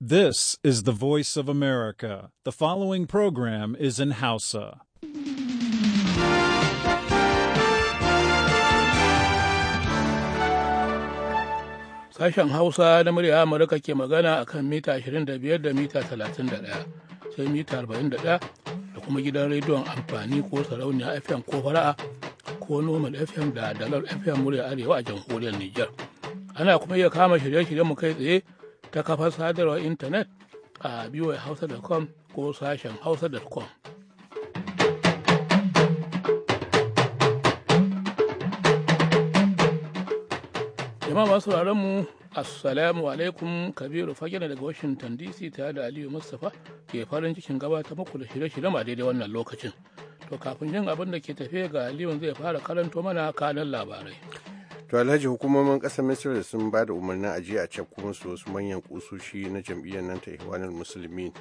This is the voice of America. The following program is in Hausa. Sashen Hausa na murya Amurka ke magana a kan mita 25 da mita 31 sai mita 41 da kuma gidan rediyon amfani ko sarauniya FM ko fara'a ko normal FM da dalar FM murya Arewa a jamhuriyar Nijar. Ana kuma iya kama shirye-shiryen mu kai tsaye ta kafar sadarwar intanet a voahausa.com ko sashen hausa.com. jama'a masu mu assalamu alaikum kabiru fagina daga washington dc tare da aliyu mustapha ke farin cikin gabata muku da shirye-shirye ma daidai wannan lokacin to kafin jin abin da ke tafe ga aliyu zai fara karanto mana kanan labarai to alhaji hukumomin kasar misir sun ba da umarnin ajiya a kuma su wasu manyan kusoshi na jam'iyyar nan ta ihwanar musulmi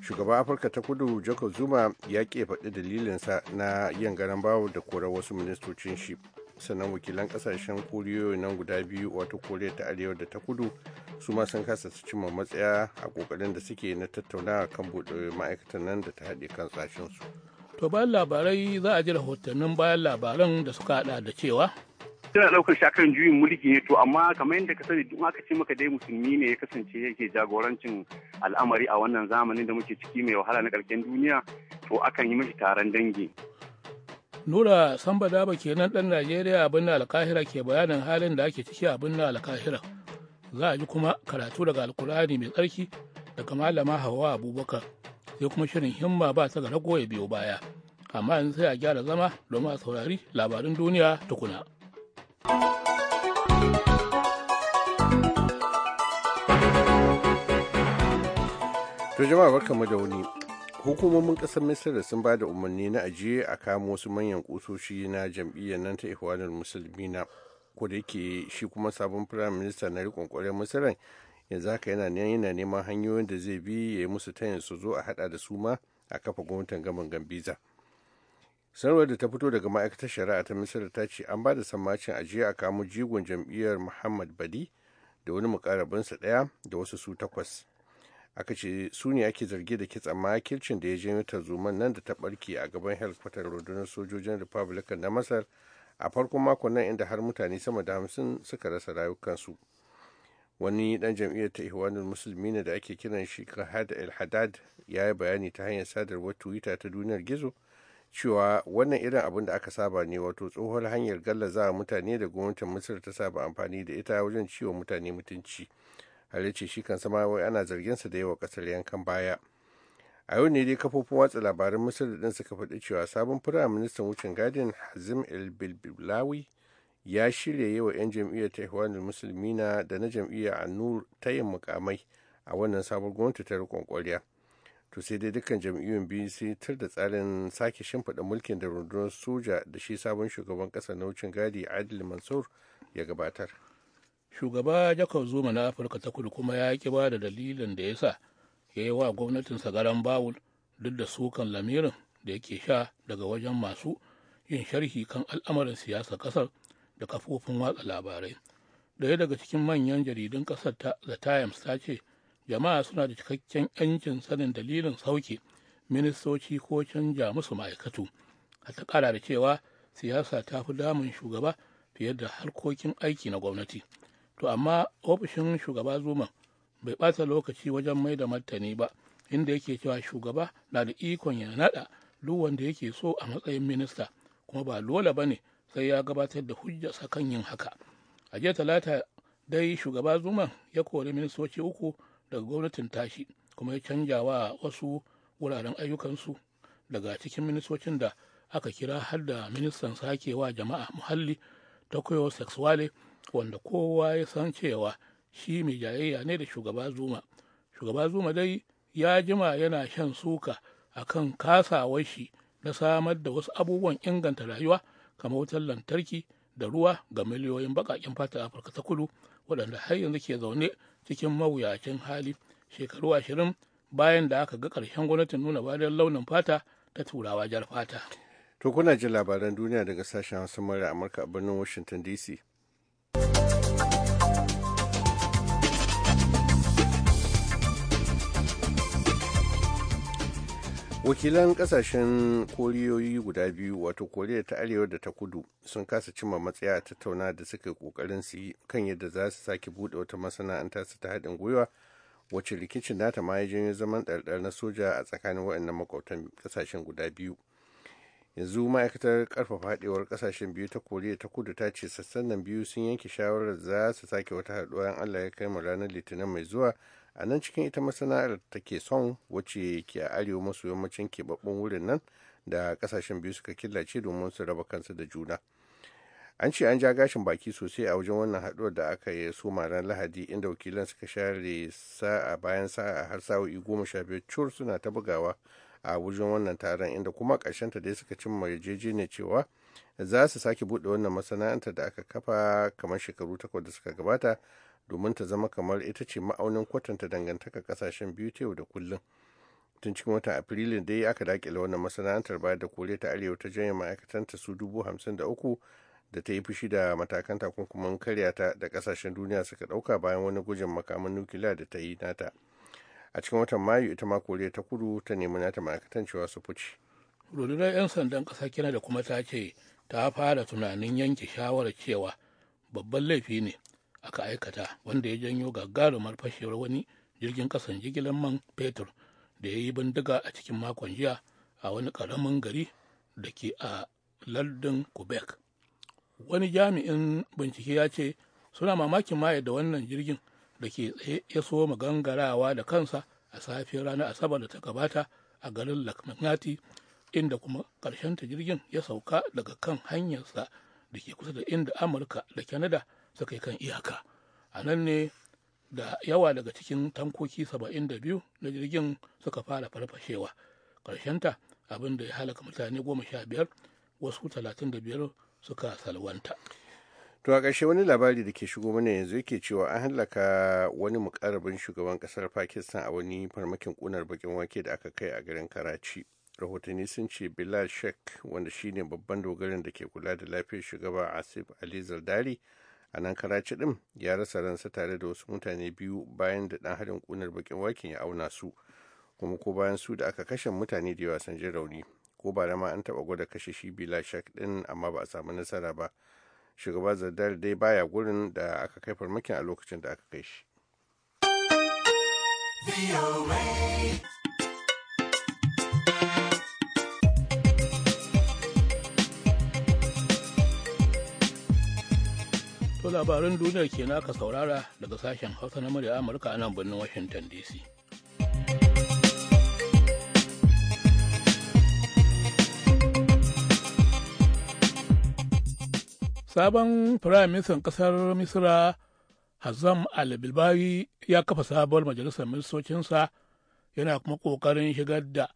shugaban afirka ta kudu jacob zuma ya ke faɗi dalilinsa na yin garan bawo da korar wasu ministocin shi sannan wakilan kasashen koriyoyi nan guda biyu wato koriya ta arewa da ta kudu su ma sun kasa su cimma matsaya a kokarin da suke na tattaunawa kan buɗe ma'aikatan nan da ta haɗe kan su. to bayan labarai za a ji rahotannin bayan labaran da suka haɗa da cewa tana ɗaukar shakar juyin mulki ne to amma kamar yadda ka sani duk aka ce maka dai musulmi ne ya kasance yake jagorancin al'amari a wannan zamanin da muke ciki mai wahala na ƙarshen duniya to akan yi mashi taron dangi. Nura Samba Daba kenan ɗan Najeriya abin da alkahira ke bayanin halin da ake ciki abin da alkahira. Za a ji kuma karatu daga Alkurani mai tsarki daga Malama Hawa Abubakar sai kuma shirin himma ba ta ga rago ya biyo baya. Amma yanzu sai a gyara zama domin a saurari labarin duniya tukuna. To jama'a barkamu da wani hukumomin ƙasar misir sun ba da umarni na ajiye a kama wasu manyan ƙusoshi na jam'iyyar nan ta musulmi musulmina ko da yake shi kuma sabon firayim minista na rikon ƙwarar misirin yanzu haka yana yana neman hanyoyin da zai bi ya yi musu tayin su zo a haɗa da su ma a kafa gwamnatin gaban gambiza sanarwar da ta fito daga ma'aikatar shari'a ta misira ta ce an ba da sammacin ajiya a kamo jigon jam'iyyar muhammad badi da wani mukarabinsa daya da wasu su takwas aka ce su ne ake zargi da kitsa makircin da ya janyo tarzoman nan da ta barke a gaban helikwatar rundunar sojojin republican na masar a farkon makon nan inda har mutane sama da hamsin suka rasa rayukansu wani dan jam'iyyar ta ihwanul musulmi ne da ake kiran shi kahad el haddad ya yi bayani ta hanyar sadarwar twitter ta duniyar gizo cewa wannan irin abin da aka saba ne wato tsohuwar hanyar gallaza mutane da gwamnatin misir ta saba amfani da ita wajen ciwo mutane mutunci halice shi kan sama wai ana zarginsa da yawa kasar yankan baya a yau ne dai kafofin watsa labaran misir din suka faɗi cewa sabon firayim ministan wucin gadin hazim el bilbilawi ya shirya yi wa 'yan jam'iyyar musulmi musulmina da na jam'iyyar ta yin mukamai a wannan sabon gwamnati ta riƙon ƙwarya to sai dai dukkan jam'iyyun biyu yi tur da tsarin sake shimfiɗa mulkin da rundunar soja da shi sabon shugaban ƙasar na wucin gadi adil mansur ya gabatar shugaba jakar zuma na afirka ta kudu kuma ya ki ba da dalilin da ya sa ya yi wa gwamnatinsa garan bawul duk da sukan lamirin da yake sha daga wajen masu yin sharhi kan al'amarin siyasar kasar da kafofin watsa labarai daya daga cikin manyan jaridun kasar ta the times ta ce jama'a suna da cikakken 'yancin sanin dalilin sauke ministoci ko canja musu ma'aikatu ta kara da cewa siyasa ta fi damun shugaba fiye da harkokin aiki na gwamnati to amma ofishin shugaba zuma bai ɓata lokaci wajen mai da martani ba inda yake cewa shugaba na da ikon ya naɗa duk wanda yake so a matsayin minista kuma ba lola ba ne sai ya gabatar da hujjarsa kan yin haka a jiya talata dai shugaba zuma ya kori ministoci uku daga gwamnatin tashi kuma ya canja wa wasu wuraren ayyukansu daga cikin ministocin da aka kira har da ministan sake wa jama'a muhalli ta koyo sexuale wanda kowa ya san cewa shi mai jayayya ne da shugaba zuma shugaba zuma dai ya jima yana shan suka a kan kasawar shi na samar da wasu abubuwan inganta rayuwa kamar wutar lantarki da ruwa ga miliyoyin baƙaƙen fata afirka ta kudu waɗanda har yanzu ke zaune cikin mawuyacin hali shekaru ashirin bayan da aka ga ƙarshen gwamnatin nuna bayan launin fata ta turawa jar fata. To kuna jin labaran duniya daga sashen Hausa mara Amurka a birnin Washington DC. wakilan kasashen koriyoyi guda biyu wato koriya ta arewa da ta kudu sun kasa cimma matsaya a tattauna da suka kokarin su yi kan yadda za su sake bude wata masana'anta su ta haɗin gwiwa wacce rikicin nata ma ya janyo zaman ɗarɗar na soja a tsakanin waɗannan makwabtan kasashen guda biyu yanzu ma'aikatar karfafa haɗewar kasashen biyu ta koriya ta kudu ta ce sassan biyu sun yanke shawarar za su sake wata haɗuwa in allah ya kai mu ranar litinin mai zuwa a nan cikin ita masana'ar ta ke son wacce ke a arewa maso yammacin keɓaɓɓen wurin nan da ƙasashen biyu suka killace domin su raba kansu da juna an ce an ja gashin baki sosai a wajen wannan haɗuwar da aka yi soma ran lahadi inda wakilan suka share sa'a bayan sa'a har sa'o'i goma sha biyar cur suna ta bugawa a wajen wannan taron inda kuma ta dai suka cimma yarjejeniya cewa za su sake buɗe wannan masana'antar da aka kafa kamar shekaru takwas da suka gabata domin ta zama kamar ita ce ma'aunin kwatanta dangantaka kasashen biyu ta yau da kullum tun cikin watan afrilun dai aka dakile wannan masana'antar bayar da kore ta arewa ta janye ma'aikatanta su dubu hamsin da uku da ta yi fushi da matakan takunkuman karya ta da kasashen duniya suka dauka bayan wani gujin makamin nukiliya da ta yi nata a cikin watan mayu ita ma koriya ta kudu ta nemi nata ma'aikatan cewa su fice rundunar 'yan sandan ƙasa kina da kuma ta ce ta fara tunanin yanke shawarar cewa babban laifi ne aka aikata wanda ya janyo gagarumar fashewar wani jirgin kasan jigilar man fetur da ya yi bindiga a cikin makon jiya a wani ƙaramin gari da ke a lardin quebec wani jami'in bincike ya ce suna mamakin maye da wannan jirgin da ke tsaye ya so gangarawa da kansa a safiyar ranar asabar da ta gabata a garin lakmanati inda kuma ta jirgin ya sauka daga kan hanyarsa da ke kusa da inda amurka da canada suka kan iyaka a nan ne da yawa daga cikin tankoki 72 na jirgin suka fara farfashewa ƙarshenta abin da ya halaka mutane goma sha biyar wasu 35 suka salwanta to a ƙarshe wani labari da ke shigo mana yanzu yake cewa an hallaka wani mukarabin shugaban ƙasar pakistan a wani farmakin ƙunar bakin wake da aka kai a garin karachi rahotanni sun ce bilal sheikh wanda shine babban dogarin da ke kula da lafiyar shugaba asif ali zardari a nan karaci ɗin ya rasa ransa tare da wasu mutane biyu bayan da ɗan harin ƙunar bakin waken ya auna su kuma ko bayan su da aka kashe mutane da yawa san jin rauni ko ba da ma an taɓa gwada kashe shi bila shak ɗin amma ba a samu nasara ba shugaba zardar dai baya gurin da aka kai farmakin a lokacin da aka kai shi labaran duniyar ke naka saurara daga sashen hausa na murya amurka a nan birnin washington dc sabon firaministan kasar misira hazam al-bilbawi ya kafa sabuwar majalisar ministocinsa yana kuma kokarin shigar da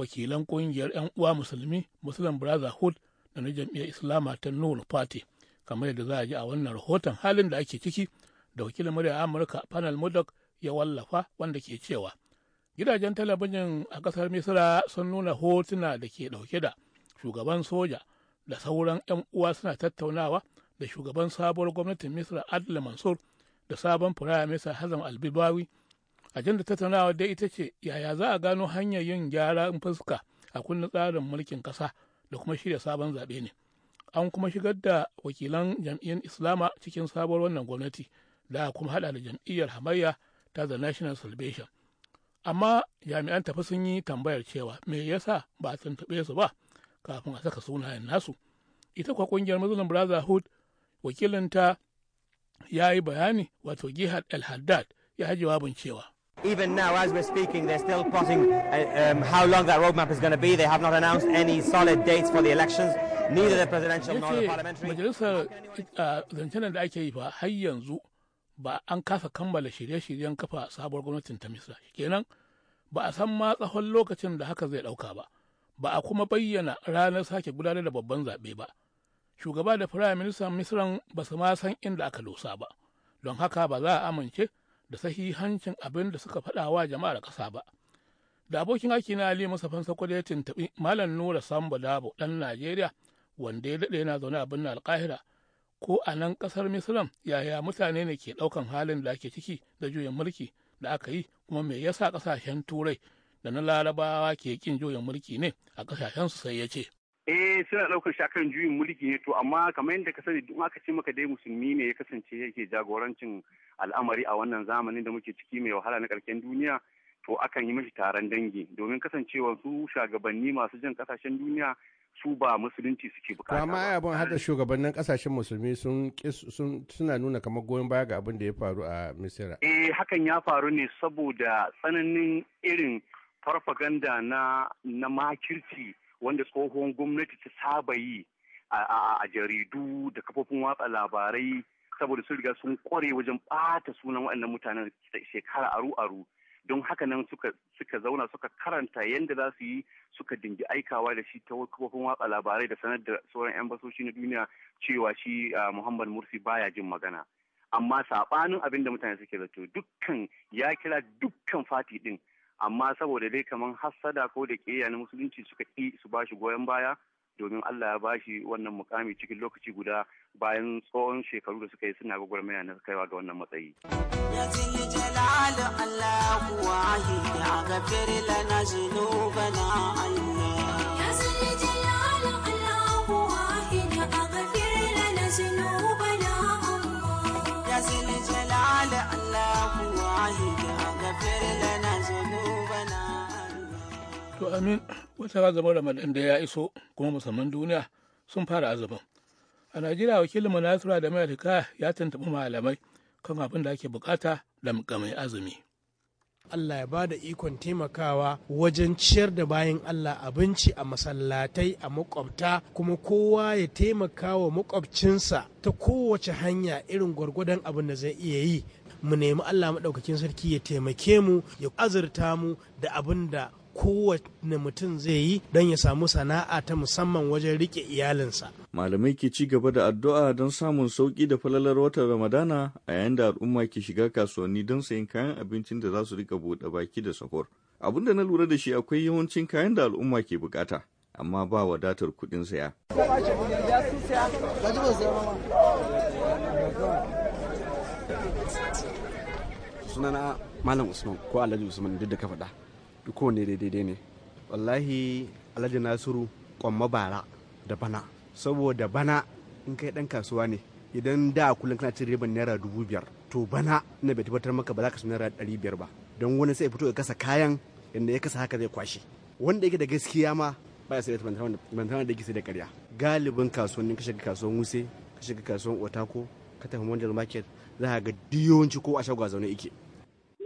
wakilan kungiyar 'yan uwa musulmi muslim brotherhood da na jam'iyyar islama ta nur party kamar yadda za a ji a wannan rahoton halin da ake ciki da wakilin murya amurka panel modok ya wallafa wanda ke cewa gidajen talabijin a kasar misira sun nuna hotuna da ke dauke da shugaban soja da sauran 'yan uwa suna tattaunawa da shugaban sabuwar gwamnatin misira adil mansur da sabon firaya misa hazam albibawi ajinda tattaunawa dai ita ce yaya za a gano hanyar yin gyara fuska a kundin tsarin mulkin kasa da kuma shirya sabon zaɓe ne an kuma shigar da wakilan jam'iyyar islama cikin sabuwar wannan gwamnati da kuma hada da jam'iyyar hamayya ta the national salvation amma jami'an tafi sun yi tambayar cewa me yasa ba a tuntuɓe su ba kafin a saka sunayen nasu ita kuwa kungiyar muslim brotherhood wakilinta ya yi bayani wato jihar el haddad ya yi wabin cewa Even now, as we're speaking, they're still plotting uh, um, how long that roadmap is going to be. They have not announced any solid dates for the elections. ni da presidential parliamentary majalisar eh, zancen da ake yi ba har yanzu ba an kasa kammala shirye-shiryen kafa sabuwar gwamnatin ta misra kenan ba a san ma tsawon lokacin da haka zai ɗauka ba ba a kuma bayyana ranar sake gudanar da babban zaɓe ba shugaba da firayim ministan misran ba su ma san inda aka losa ba don haka ba za a amince da sahihancin abin da suka faɗa wa jama'ar ƙasa ba da abokin aiki na ali musafan sakwada ya tuntuɓi malam nura sambo dabo ɗan najeriya wanda ya daɗe yana zaune a birnin alkahira ko a nan ƙasar misram yaya mutane ne ke ɗaukan halin da ake ciki da juyin mulki da aka yi kuma me yasa ƙasashen turai da na larabawa ke ƙin juyin mulki ne a ƙasashensu sai ya ce eh suna ɗaukar shi juyin mulki ne to amma kamar yadda ka sani duk aka ce maka dai musulmi ne ya kasance yake jagorancin al'amari a wannan zamanin da muke ciki mai wahala na ƙarshen duniya to akan yi mishi taron dangi domin kasancewa su shugabanni masu jin kasashen duniya su ba musulunci suke bukata. Amma ai abin hada shugabannin kasashen musulmi sun suna nuna kamar goyon baya ga abin da ya faru a Misira. Eh hakan ya faru ne saboda tsananin irin farfaganda na na makirci wanda tsohon gwamnati ta saba yi a jaridu da kafofin watsa labarai saboda sun riga sun kware wajen ɓata sunan waɗannan mutanen shekara aru-aru don haka nan suka suka zauna suka karanta yadda za su yi suka dingi aikawa da shi ta kafofin watsa labarai da sanar da sauran 'yan basoshi na duniya cewa shi muhammad mursi baya jin magana amma saɓanin abin da mutane suke zato dukkan ya kira dukkan fati din amma saboda dai kamar hassada ko da ƙeya na musulunci suka ƙi su bashi goyon baya domin Allah ya bashi wannan mukami cikin lokaci guda bayan tsohon shekaru da suka yi suna gwagwarmaya na kaiwa ga wannan matsayi. Allah الله لنا ذنوبنا To amin wata azabar Ramadan da ya iso kuma musamman duniya sun fara azumin. A Najeriya wakilin Manasura da Mayarika ya tantabi malamai kan abin da ake bukata da mai azumi. Allah ya ba da ikon taimakawa wajen ciyar da bayan Allah abinci a masallatai a makwabta kuma kowa ya taimaka wa makwabcinsa ta kowace hanya irin gwargwadon abin da zai iya yi mu nemi Allah maɗaukakin sarki ya taimake mu ya azurta mu da abin da kowane mutum zai yi don ya samu sana'a ta musamman wajen rike iyalinsa. Malamai ke ci gaba da addu'a don samun sauƙi da falalar watan Ramadana a yayin da al'umma ke shiga kasuwanni don sayen kayan abincin da za su rika buɗe baki da sahur. Abin da na lura da shi akwai yawancin kayan da al'umma ke bukata, amma ba wadatar kuɗin saya. sunana malam usman ko alhaji usman duk da ka faɗa kowane daidai ne wallahi alhaji nasiru kwamma bara da bana saboda bana in kai dan kasuwa ne idan da kullum kana cin ribar naira dubu biyar to bana na bai tabbatar maka ba za ka naira ɗari biyar ba don wani sai fito ya kasa kayan inda ya kasa haka zai kwashe wanda yake da gaskiya ma ba ya sayar da mantawa da yake sai da karya galibin kasuwanni ka shiga kasuwan wuse ka shiga kasuwan otako ka tafi mondial market za ka ga diyawanci ko a shagwa zaune ike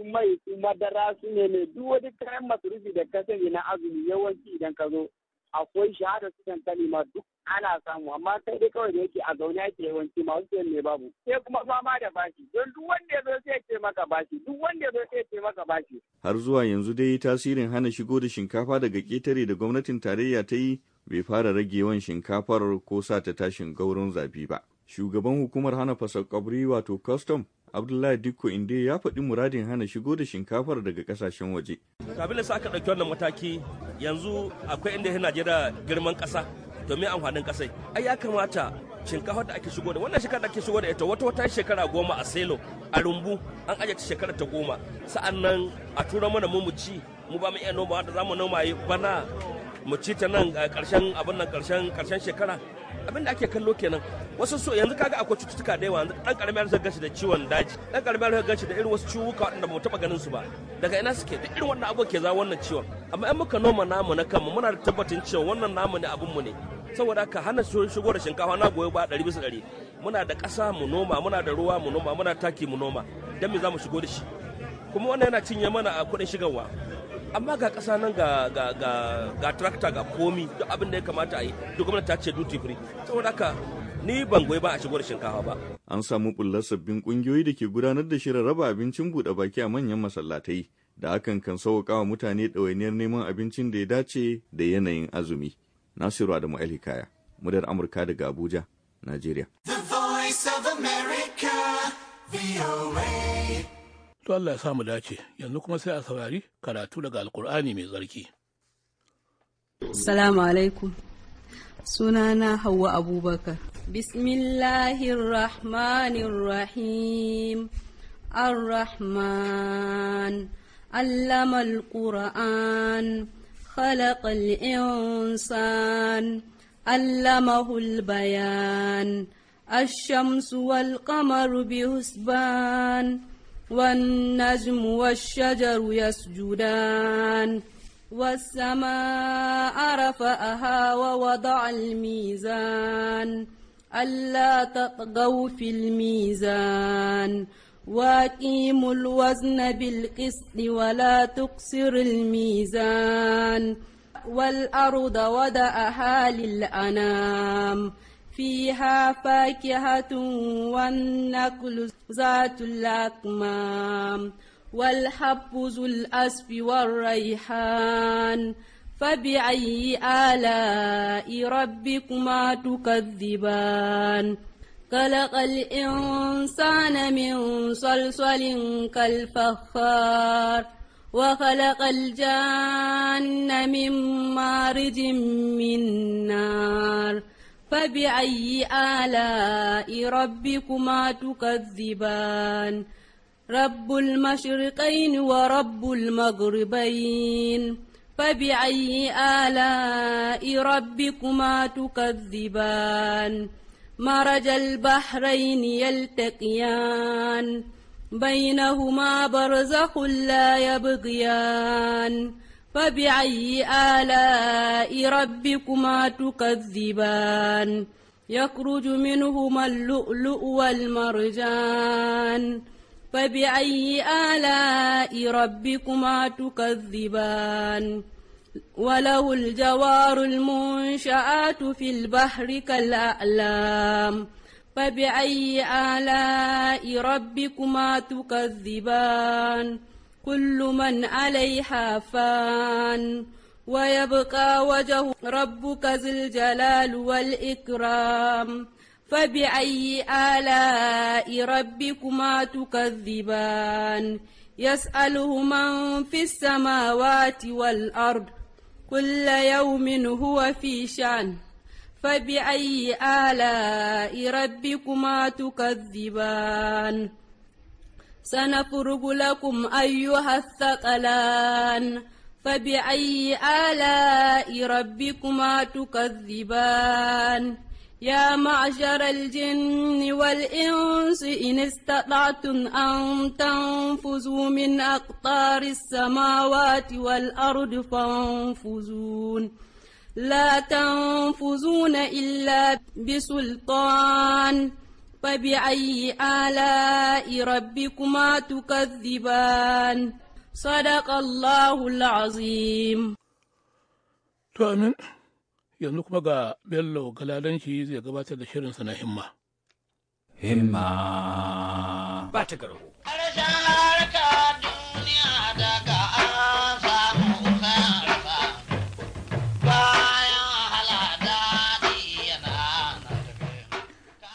su mai su madara su ne ne duk wani kayan masurufi da ka sani na azumi yawanci idan ka zo akwai shahada su dankali ma duk ana samu amma kai dai kawai da yake a zaune ake yawanci ma wasu ne babu sai kuma fama da bashi don duk wanda ya zo sai ce maka bashi duk wanda ya zo sai ce maka bashi har zuwa yanzu dai tasirin hana shigo da shinkafa daga ketare da gwamnatin tarayya ta yi bai fara rage yawan shinkafar ko sa ta tashin gaurin zafi ba shugaban hukumar hana fasa kabri wato custom Abdullahi Dikko Inde ya faɗi muradin hana shigo da shinkafar daga kasashen waje. Kabin da aka ɗauki wannan mataki yanzu akwai inda yana Najeriya girman ƙasa domin amfanin ƙasai. Ai ya kamata shinkafar da ake shigo da wannan shekara da ake shigo da ita wata wata shekara goma a selo a rumbu an aje ta shekara ta goma sa'an nan a tura mana mu mu ci mu ba mu iya noma da za mu noma bana mu ci ta nan karshen abin nan karshen karshen shekara abin da ake kallo kenan wasu so yanzu kaga akwai cututtuka da yawa yanzu dan karami ya gashi da ciwon daji dan karami ya gashi da irin wasu ciwuka waɗanda ba mu taɓa ganin su ba daga ina suke da irin wannan abu ke za wannan ciwon amma in muka noma namu na kanmu muna da tabbatin cewa wannan namu ne abin mu ne saboda ka hana shigo da shinkafa na goyo ba 100 bisa 100 muna da ƙasa mu noma muna da ruwa mu noma muna taki mu noma dan me za mu shigo da shi kuma wannan yana cinye mana a kuɗin shigarwa amma ga kasa nan ga ga ga ga tractor ga komi duk abin da ya kamata a yi duk gwamnati ta ce duty free saboda haka ni ban goyi ba a shigo shinkafa ba an samu bullar sabbin kungiyoyi da ke gudanar da shirin raba abincin buɗe baki a manyan masallatai da hakan kan sauƙa wa mutane ɗawainiyar neman abincin da ya dace da yanayin azumi. Nasiru Adamu Alhikaya, mudar Amurka daga Abuja, Najeriya. The Voice of America, VOA. to Allah ya sa mu dace yanzu kuma sai a saurari karatu daga alkur'ani mai tsarki salamu alaikum sunana Hauwa, abubakar bismillahirrahmanirrahim الرحمن علم القرآن bayan, الإنسان علمه البيان الشمس والقمر بحسبان والنجم والشجر يسجدان والسماء رفأها ووضع الميزان ألا تطغوا في الميزان واقيموا الوزن بالقسط ولا تقصر الميزان والأرض ودأها للأنام فيها فاكهة والنقل ذات الأكمام والحب ذو الأسف والريحان فبأي آلاء ربكما تكذبان خلق الإنسان من صلصل كالفخار وخلق الجن من مارج من نار فبأي آلاء ربكما تكذبان رب المشرقين ورب المغربين فبأي آلاء ربكما تكذبان مرج البحرين يلتقيان بينهما برزخ لا يبغيان فبأي آلاء ربكما تكذبان يخرج منهما اللؤلؤ والمرجان فبأي آلاء ربكما تكذبان وله الجوار المنشآت في البحر كالأعلام فبأي آلاء ربكما تكذبان كل من عليها فان ويبقى وجه ربك ذي الجلال والإكرام فبأي آلاء ربكما تكذبان يسأله من في السماوات والأرض كل يوم هو في شأن فبأي آلاء ربكما تكذبان سنفرغ لكم أيها الثقلان فبأي آلاء ربكما تكذبان يا معشر الجن والإنس إن استطعتم أن تنفذوا من أقطار السماوات والأرض فانفذون لا تنفذون إلا بسلطان فبأي آلاء ربكما تكذبان صدق الله العظيم تؤمن yanzu kuma ga bello galadanci zai gabatar da shirinsa na himma himma ba ta garo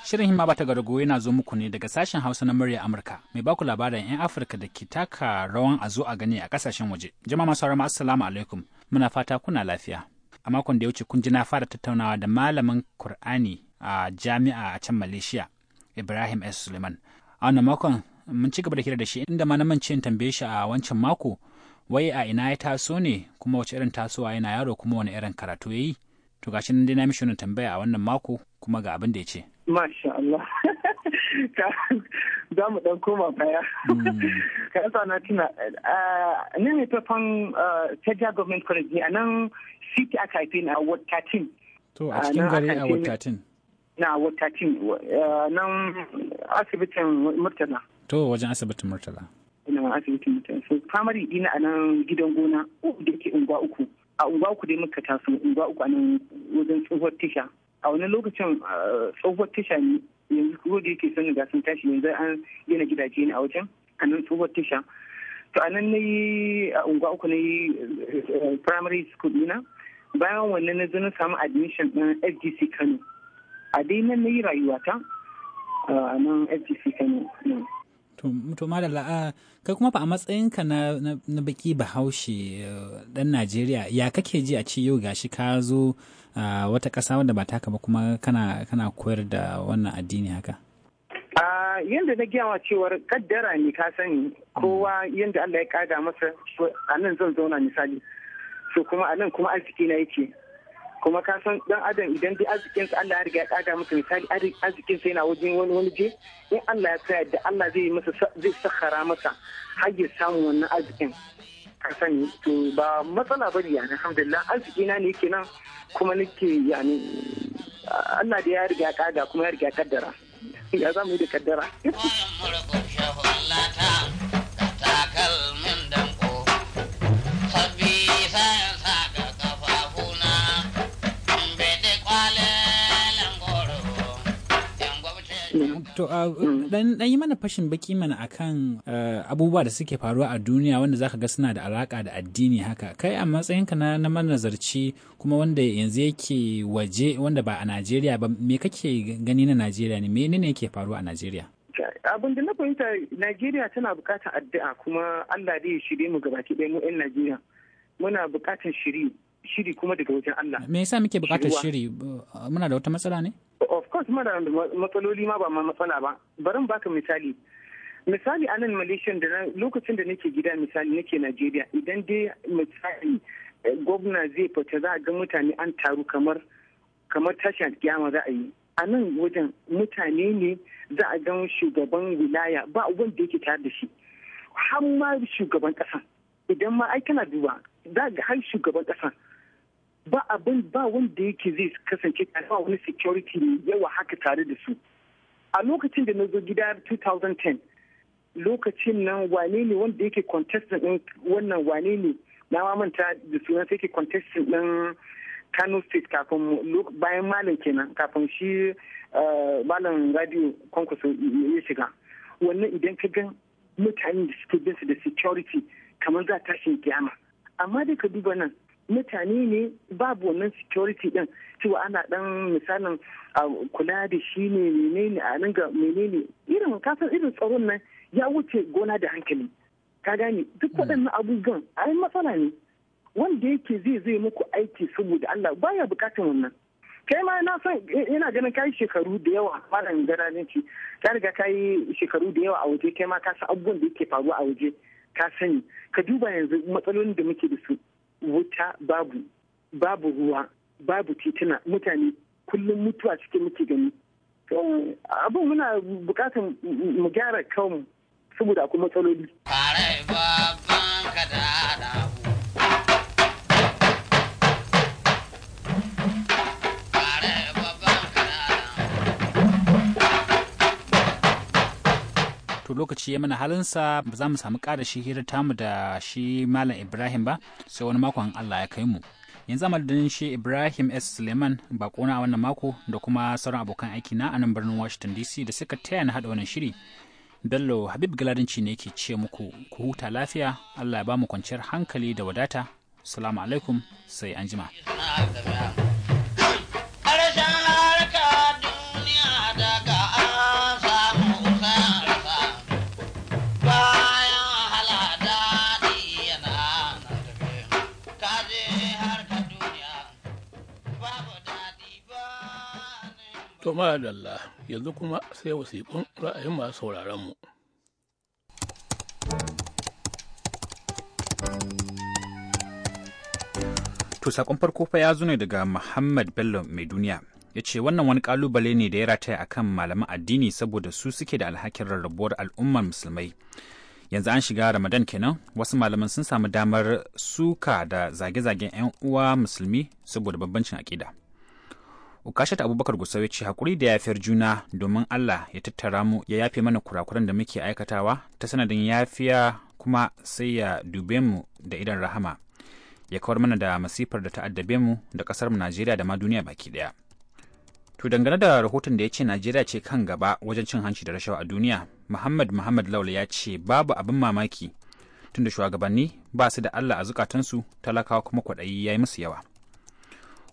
Shirin himma bata gargo yana zo muku ne daga sashen Hausa na murya Amurka mai baku labarin 'yan Afirka da ke taka rawan a zo a gani a kasashen waje. jama masu harama assalamu alaikum muna fata kuna lafiya. A makon da ya wuce kun ji na fara tattaunawa da malamin Kur'ani a jami'a a can Malaysia Ibrahim S. Suleiman. A wannan makon mun ci gaba da hira da shi inda ma na mance yin tambaye shi a wancan mako wai a ina ya taso ne kuma wace irin tasowa yana yaro kuma wani irin karatu ya yi. To gashi nan dai na mishi wani tambaya a wannan mako kuma ga abin da ya ce. Masha Allah. Za mu ɗan koma baya. Hmm. Ka yi na tuna. Eh, ni ne fafan eh, Federal Government College a nan city aka haife na a Ward 13. To a ah, cikin gari a Ward 13. Na Ward 13 eh, nan asibitin Murtala. To wajen asibitin Murtala. Ina asibitin Murtala. So primary dina a nan gidan gona da ke unguwa uku. A unguwa uku dai muka taso unguwa uku a nan wajen tsohuwar tisha. a wani lokacin tsohuwar tasha ne yanzu ko da yake sanin riga tashi yanzu an gina gidaje ne a wajen a nan tsohuwar tasha to a nan na yi a unguwa uku na yi eh, eh, primary school dina bayan wannan na zo na samu admission ɗin fgc kano a dai nan na yi rayuwata a nan fgc kano mm. to la'a kai kuma ba a matsayinka na na baki bahaushe eh, dan Najeriya ya kake ji a ce yau gashi ka zo wata ƙasa wanda ba taka ba kuma kana kana koyar da wannan addini haka yadda na wa cewar kaddara ne ka sani kowa yadda Allah ya kada masa a nan zan zauna misali so kuma a nan kuma arziki na yake kuma ka san dan adam idan dai arzikinsa Allah ya riga ya kaga maka misali sa yana wajen wani wani je in Allah ya tsaya da Allah zai masa zai sakhara masa har ya samu wannan arzikin ka sani to ba matsala bane yana alhamdulillah arziki na ne kenan kuma nake yani Allah da ya riga ya kaga kuma ya riga ya kaddara ya zamu yi da kaddara To, uh, mm. dan yi mana fashin baki mana akan uh, abubuwa da suke faruwa a duniya wanda zaka ga suna da alaka da addini haka. Kai a matsayinka na na manazarci kuma wanda yanzu yake waje wanda ba a Najeriya ba me kake gani na Najeriya ne? Menene yake faruwa a Najeriya? abin da na fahimta Najeriya tana bukatar addu'a kuma Allah zai shirye mu gabaki ɗaya mu 'yan Najeriya muna bukatar shiri shiri kuma daga wajen Allah me yasa muke buƙatar shiri uh, muna da wata matsala ne of course muna da matsaloli ma ba ma matsala ba Barin baka misali misali anan malaysia da lokacin da nake gida misali nake najeriya idan dai misali eh, gwamna zai fita za a ga mutane an taru kamar kamar tashin kiyama za a yi a nan wajen mutane ne za a gan shugaban wilaya ba wanda yake tare da shi har ma shugaban kasa idan ma ai kana duba har shugaban ƙasa. ba abin ba wanda yake zai kasance ba wani security ne yawa haka tare da su a lokacin da na zo gida 2010 lokacin nan wane ne wanda yake contestant din wannan wane ne na manta da sunan sai ke contestant din kano state kafin bayan malam kenan kafin shi eh, malam radio kwankwaso ya shiga wannan idan ka gan mutane da suke bin su da security kamar za tashin kiyama amma dai ka duba nan mutane ne babu wannan security din cewa ana dan misalin kula da shi ne menene a ringa menene irin kasan irin tsaron nan ya wuce gona da hankali ka gane duk hmm. waɗannan abubuwan ai matsala ne wanda yake zai zai muku aiki saboda Allah baya bukatar wannan kai ma na san eh, ina ganin kai shekaru da yawa malamin garanci ka riga kayi shekaru da yawa a waje kai ma ka san abubuwan da yake faruwa a waje ka sani ka duba yanzu matsalolin da muke da su wuta babu babu ruwa babu tituna mutane kullum mutuwa cikin muke gani abin muna bukatar mu gyara kanmu saboda akwai matsaloli lokaci ya mana halinsa ba za mu samu ƙara shi hira mu da shi Malam Ibrahim ba sai wani makon Allah ya kai mu. Yanzu a madadin shi Ibrahim S. Suleiman ba bakona a wannan mako da kuma sauran abokan aiki na a nan birnin Washington DC da suka taya na haɗa wannan shiri. Bello Habib Galadinci ne ke ce muku ku huta lafiya Allah ya ba mu kwanciyar hankali da wadata. Salamu alaikum sai anjima. madalla yanzu kuma sai wasiƙun ra'ayin masu sauraronmu. To saƙon farko fa ya zo ne daga Muhammad Bello mai duniya. ya ce wannan wani ƙalubale ne da ya rataya akan malaman addini saboda su suke da alhakin rarrabuwar al'ummar musulmai yanzu an shiga ramadan kenan wasu malaman sun samu damar suka da zage-zagen 'yan uwa musulmi saboda bambancin aƙida Ukashat Abubakar Gusau ya ce hakuri da yafiyar juna domin Allah ya tattara mu ya yafe mana kurakuran da muke aikatawa ta sanadin yafiya kuma sai ya dube mu da idan rahama ya kawar mana da masifar da ta addabe mu da kasar mu Najeriya da ma duniya baki daya. To dangane da rahoton da ya ce Najeriya ce kan gaba wajen cin hanci da rashawa a duniya, Muhammad Muhammad Laula ya ce babu abin mamaki tunda shugabanni ba su da Allah a zukatansu talakawa kuma kwaɗayi ya yi musu yawa.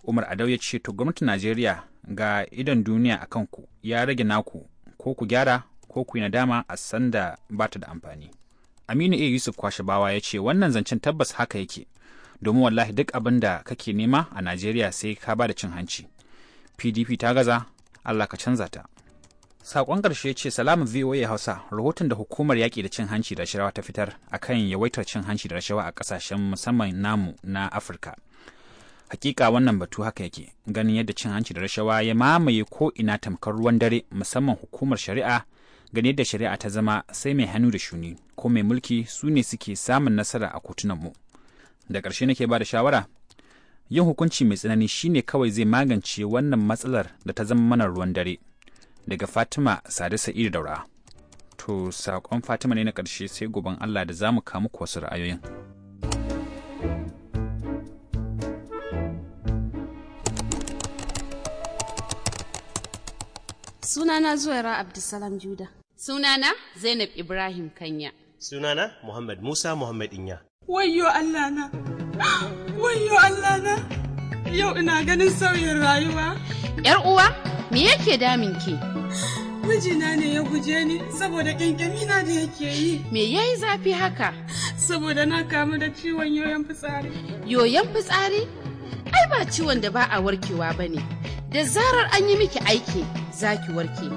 Umar Adau ya ce to gwamnatin Najeriya ga idon duniya a kanku ya rage naku ko ku gyara ko ku yi nadama a sanda ba ta da amfani. Aminu A. Yusuf Kwashabawa ya ce wannan zancen tabbas haka yake domin wallahi duk abin da kake nema a Najeriya sai ka ba da cin hanci. PDP ta gaza Allah ka canza ta. saƙon ƙarshe ya ce salamu VOA Hausa rahoton da hukumar yaƙi da cin hanci da rashawa ta fitar akan yawaitar cin hanci da rashawa a ƙasashen musamman namu na Afirka. hakika wannan batu haka yake ganin yadda cin hanci da rashawa ya mamaye ko ina tamkar ruwan dare musamman hukumar shari'a ganin yadda shari'a ta zama sai mai hannu da shuni ko mai mulki su ne suke samun nasara a kotunan mu. da ƙarshe nake ba da shawara yin hukunci mai tsanani shine kawai zai magance wannan matsalar da ta zama mana ruwan dare daga fatima sade sa'idu daura to saƙon fatima ne na ƙarshe sai goben allah da za mu kamu wasu ra'ayoyin Sunana Zuwaira Abdulsalam Juda. Sunana Zainab Ibrahim Kanya. Sunana Muhammad Musa Muhammad Inya. Wayyo Allah na! Wayyo Allah na! Yau ina ganin sauyin rayuwa. ‘Yar uwa, me yake damin ke? Mijina ne ya guje ni saboda na da yake yi. Me ya yi zafi haka? Saboda na kamu da ciwon yoyon fitsari. Yoyon fitsari? Ai ba ciwon da ba a warkewa ba ne. Da zarar an yi miki aiki, za ki warke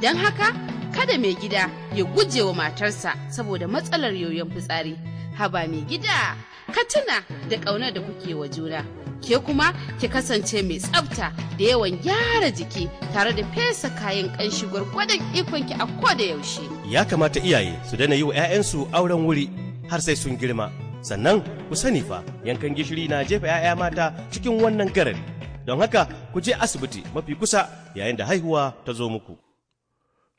don haka kada mai gida ya guje wa matarsa saboda matsalar yoyon fitsari haba mai gida ka tuna da ƙaunar da kuke wa juna ke kuma ki kasance mai tsafta da yawan gyara jiki tare da fesa kayan ƙanshi gwargwadon ikonki a da yaushe ya kamata iyaye su dana yi wa 'ya'yansu auren wuri har sai sun girma sannan ku sani fa yankan gishiri na jefa 'ya'ya mata cikin wannan garin. don haka ku je asibiti mafi kusa yayin da haihuwa ta zo muku.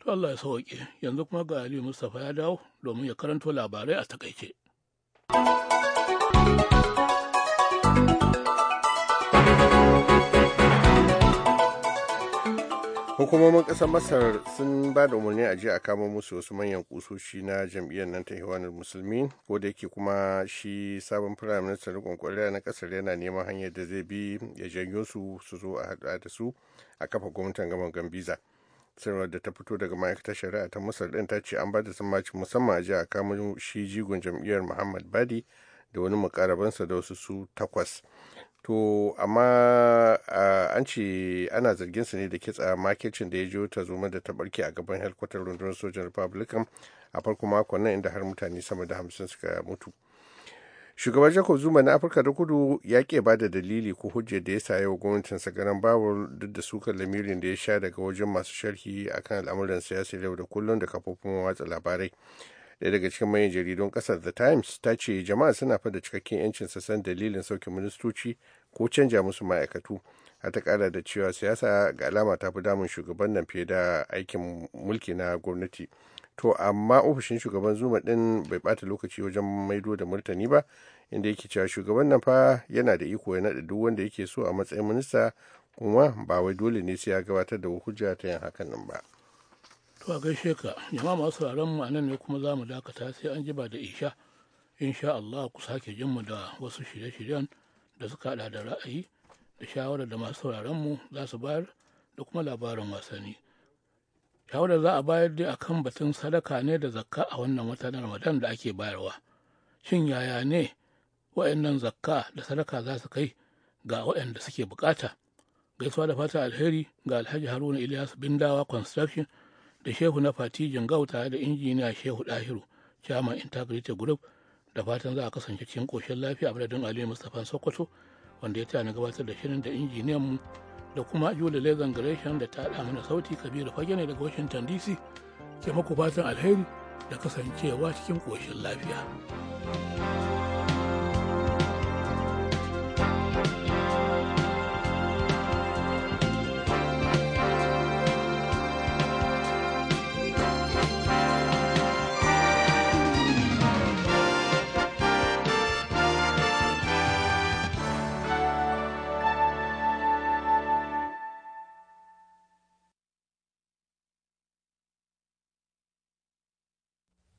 To Allah ya sauke yanzu kuma ga Aliyu Mustapha ya dawo domin ya karanto labarai a takaice. hukumomin kasar masar sun ba da umarni a jiya a kama musu wasu manyan kusoshi na jam'iyyar nan ta hewanar musulmi ko da yake kuma shi sabon firayim minista rikon na kasar yana neman hanyar da zai bi ya janyo su su zo a haɗa da su a kafa gwamnatin gaban gambiza sanarwar da ta fito daga ma'aikatar shari'a ta masar ɗin ta ce an ba da sammacin musamman a jiya a kama shi jigon jam'iyyar muhammad badi da wani mukarabansa da wasu su takwas to amma an ce ana zargin su ne da kitsa makircin da ya jiyo ta zoma da ta barke a gaban helkwatar rundunar sojan republican a farko makon nan inda har mutane sama da hamsin suka mutu shugaban jacob zuma na afirka da kudu ya ke ba da dalili ko hujja da ya sayo gwamnatin ganin babur duk da sukar lamirin da ya sha daga wajen masu sharhi akan al'amuran siyasa yau da kullum da kafofin watsa labarai daya daga cikin manyan jaridun ƙasa the times ta ce jama'a suna fada cikakken 'yancin su san dalilin sauke ministoci ko canja musu ma'aikatu a ta kara da cewa siyasa ga alama ta fi damun shugaban nan fiye da aikin mulki na gwamnati to amma ofishin shugaban zuma din bai bata lokaci wajen maido da murtani ba inda yake cewa shugaban nan fa yana da iko ya naɗa duk wanda yake so a matsayin minista kuma ba wai dole ne sai ya gabatar da hujja ta yin hakan nan ba. to a gaishe ka jama'a masu sauraron mu anan ne kuma za mu dakata sai an jiba da isha insha Allah ku sake jin mu da wasu shirye-shiryen da suka hada da ra'ayi da shawarar da masu sauraron mu za su bayar da kuma labarin wasanni shawarar za a bayar dai akan batun sadaka ne da zakka a wannan watan Ramadan da ake bayarwa shin yaya ne wa'annan zakka da sadaka za su kai ga waɗanda suke bukata gaisuwa da fata alheri ga alhaji haruna ilyas bindawa construction da shehu na fatijin jingau tare da injiniya shehu dahiru chairman integrated group da fatan za a kasance cikin koshin lafiya a madadin aliyu mustapha sokoto wanda ya tana gabatar da shirin da injiniyan mu da kuma julie lezan gresham da ta haɗa mana sauti kabiru fage ne daga washington dc ke maku fatan alheri da kasancewa cikin koshin lafiya.